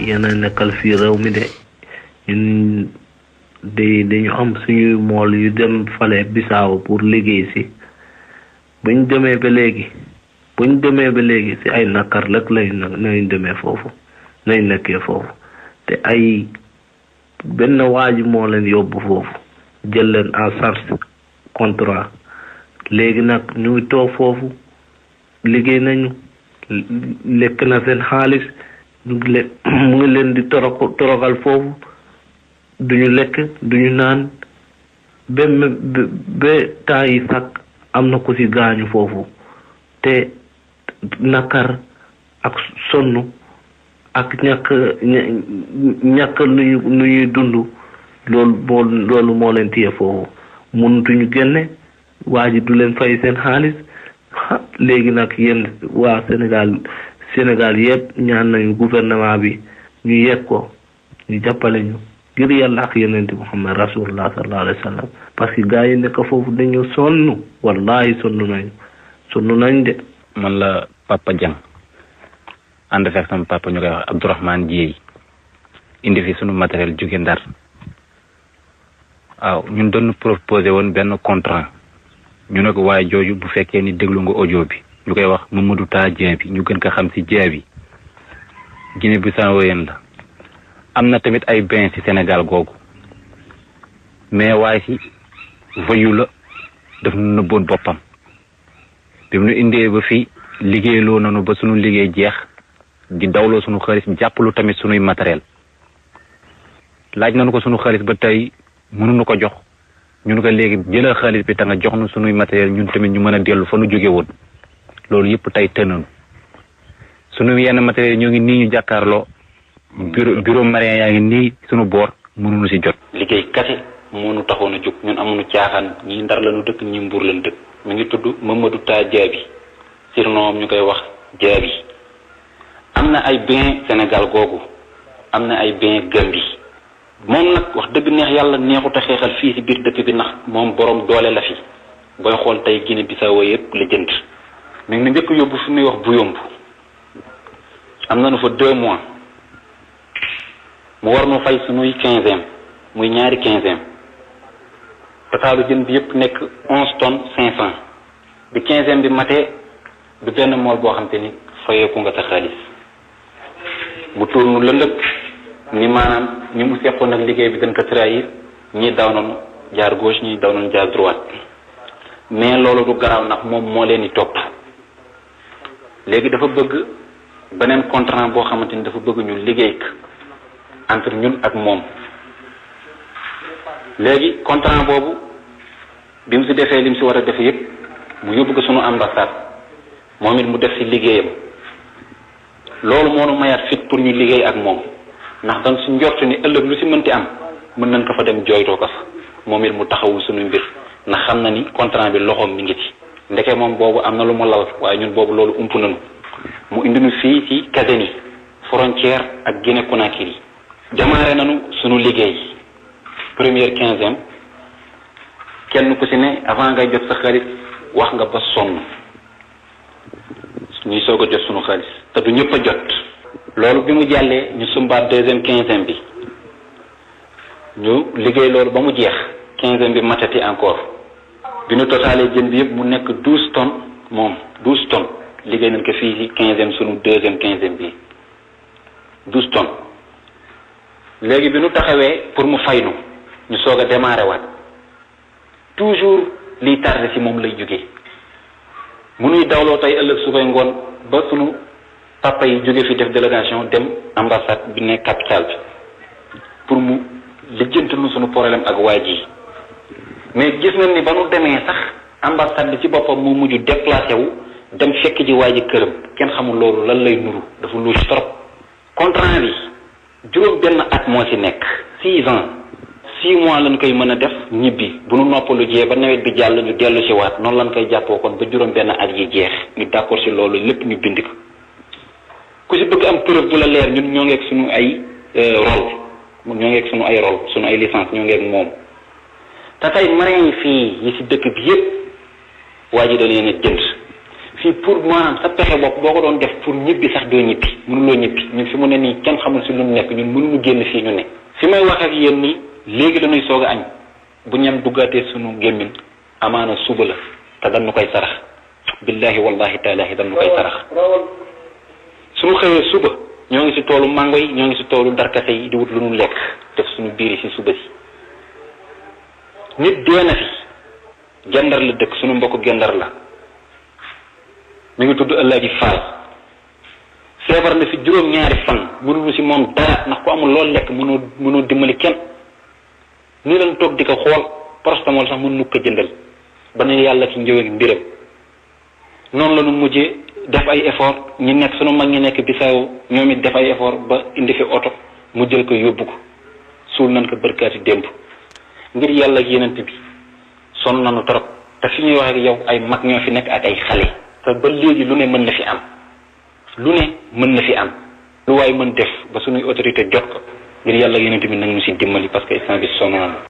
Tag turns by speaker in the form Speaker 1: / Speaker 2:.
Speaker 1: yéen a nekkal fii réew mi de ñun de dañu am suñuy mool yu dem fale bisaaw pour liggéey si buñ demee ba léegi buñ demee ba léegi si ay nakar lak lay nañ demee foofu nañ nekkee foofu te ay benn waaji moo leen yóbbu foofu jël leen en charge contrat léegi nag ñu toog foofu liggéey nañu lekk na seen xaalis ñu ngi leen mu ngi leen di torok torogal foofu duñu lekk duñu naan ba ba temps yi am na ku ci gaañu foofu te nakar ak sonn ak ñàkk ñàkk nu ñuy dund loolu moo leen téye foofu mënutuñu génne waa ji du leen fay seen xaalis léegi nag yéen waa Sénégal Sénégal yëpp ñaan nañu gouvernement bi ñu yegg ko ñu jàppale ñu ngir yàlla ak yonent Muhammad rasulullah sallallahu alayhi wa parce que gars yi nekk foofu dañu sonn wallahi sonn nañu sonn nañ de. man la papa Dieng ànd fekk sama papa ñu koy wax Abdourahmane
Speaker 2: indi fi sunu matériel jóge Ndar waaw ñun doon proposé woon benn contrant ñu ne ko waaye jooju bu fekkee ni déglu nga audio bi. ñu koy wax Mamadou Tall Dieng bi ñu gën ko xam si Dieng bi Guinée Bissau yéen la am na tamit ay bain ci senegal googu mais waaye si voyu la daf nu nëbboon boppam bi mu nu indee ba fii liggéeyloo nanu ba sunu liggéey jeex di dawloo sunu xaalis jàppalu tamit sunuy matériel laaj nañu ko sunu xaalis ba tey mënuñu ko jox ñun ko léegi jëlal xaalis bi te nga jox nu sunuy matériel ñun tamit ñu mën a dellu fa nu jóge woon loolu yëpp tey tënoon sunu yenn matériel ñoo ngi nii ñu jàkkaarloo. bureau marin yaa ngi nii sunu boor mënuñu ci jot. liggéey kese moo taxoon a jóg ñun amuñu caaxaan ñii ndar lañu dëkk ñii mbuur lañu dëkk. mi ngi tudd Mamadou Taa Diaby surnom ñu koy wax Diaby am na ay bien Sénégal googu am na ay bien Gambie moom nag wax dëgg neex yàlla neexut a xeexal fii si biir dëkk bi ndax moom borom doole la fi booy xool tey Guinée Bissau yëpp la jënd. mi ngi njëkk yóbbu fu ñuy wax bu yomb am nañu fa deux mois mu war nu fay suñuy quinzième muy ñaari quinzième totalu jën bi yëpp nekk onze tonnes cinq cent bi quinzième bi matee du benn mool boo xam te ni fayeeku nga sa xaalis mu tournu lëndëg ni maanaam ñi mu seqoon ak liggéey bi dañ ko trahir ñii daw noonu jaar gauche ñii daw noonu jaar droite mais loolu du garaaw ndax moom moo leen di topp léegi dafa bëgg beneen contrat boo xamante ni dafa bëgg ñu liggéey entre ñun ak moom léegi contrat boobu bi mu si defee lim si war a def yëpp mu yóbbu ko sunu ambassade moom it mu def si liggéeyam loolu moo nu mayaat fit pour ñu liggéey ak moom ndax dan su njort ni ëllëg lu si mënti am mën nañ ko fa dem jooytoo ko fa moom it mu taxawu sunu mbir ndax xam na ni contrat bi loxoom mi ngi ci ndeke moom boobu am na lu mu lal waaye ñun boobu loolu ump nañu mu indi nu fii ci Kaseni frontière ak Guinée Conakry jamaare nañu sunu liggéey première quinzième kenn ku si ne avant ngay jot sa xaalis wax nga ba sonn ñuy soog a jot sunu xaalis te du ñëpp a jot loolu bi mu jàllee ñu sumbaat deuxième quinzième bi ñu liggéey loolu ba mu jeex quinzième bi matati encore Il totalé a jën bi mu nekk 12 tonnes moom 12 tonnes liggéey nañ ko fii 15 e sunu tonnes nous bi pour mu faynu ñu démarré toujours liy tardé ci moom lay jóge munuy dawloo tey ëllëg su koy ngoon ba délégation dem ambassade bi pour mu lijjantalu sunu problème ak mais gis nañ ni ba nu demee sax ambassade bi ci boppam mu mujj laa wu dem fekk ji waa ji këram kenn xamul loolu lan lay nuru dafa lu trop. contrat bi juróom benn at moo ci nekk six ans six mois lañ koy mën a def ñibbi bu nu noppalu jee ba nawet bi jàll ñu dellu ci waat noonu lañ koy jàppoo kon ba juróom benn at yi jeex ñu d'accord ci loolu lépp ñu bind ko ku ci bëgg am preuve bu la leer ñun ñoo ngeeg suñu euh, ay rôle ñoo ngeeg suñu ay suñu ay licence ñoo ngeeg moom te tey moyens yi fii yi si dëkk bi yëpp waa ji da leen a jënd fii pour maanaam sa pexe bopp boo ko doon def pour ñibbi sax doo ñibbi mënuloo ñibbi ñun fi mu ne nii kenn xamul si lu mu nekk ñun mënuñu génn fii ñu ne. fi may wax ak yéen nii léegi la ñuy soog añ bu ñam duggaatee suñu gémmiñ amaana suba la te dañu koy sarax billahi wallahi taalaahi dañu koy sarax suñu xëyee suba ñoo ngi si toolu mango yi ñoo ngi si toolu darkase yi di wut lu ñu lekk def suñu biir si suba si. nit dee na fi gendar la dëkk sunu mbokk gendar la mi ngi tudd ëllaaji faay feebar na fi juróom ñaari fan mënunu si moom dara ndax ko amul loolu lekk mënoo mënoo dimbali kenn ni lan toog di ko xool prostamol sax mënu ko jëndal ba ne yàlla ci njëw ak mbiram noonu la nu mujjee def ay effort ñi nekk sunu mag ñi nekk bisaaw ñoom it def ay effort ba indi fi oto mu jël ko yóbbu ko suul nan ko barkaati démb ngir yàlla ak yenent bi sonn nañu trop te fi ñuy wax ak yow ay mag ñoo fi nekk ak ay xale te ba léegi lu ne mën na fi am lu ne mën na fi am lu waay mën def ba suñuy autorité jot ko ngir yàlla ak yenent bi ñu si dimbali parce que instant bi sonn nañu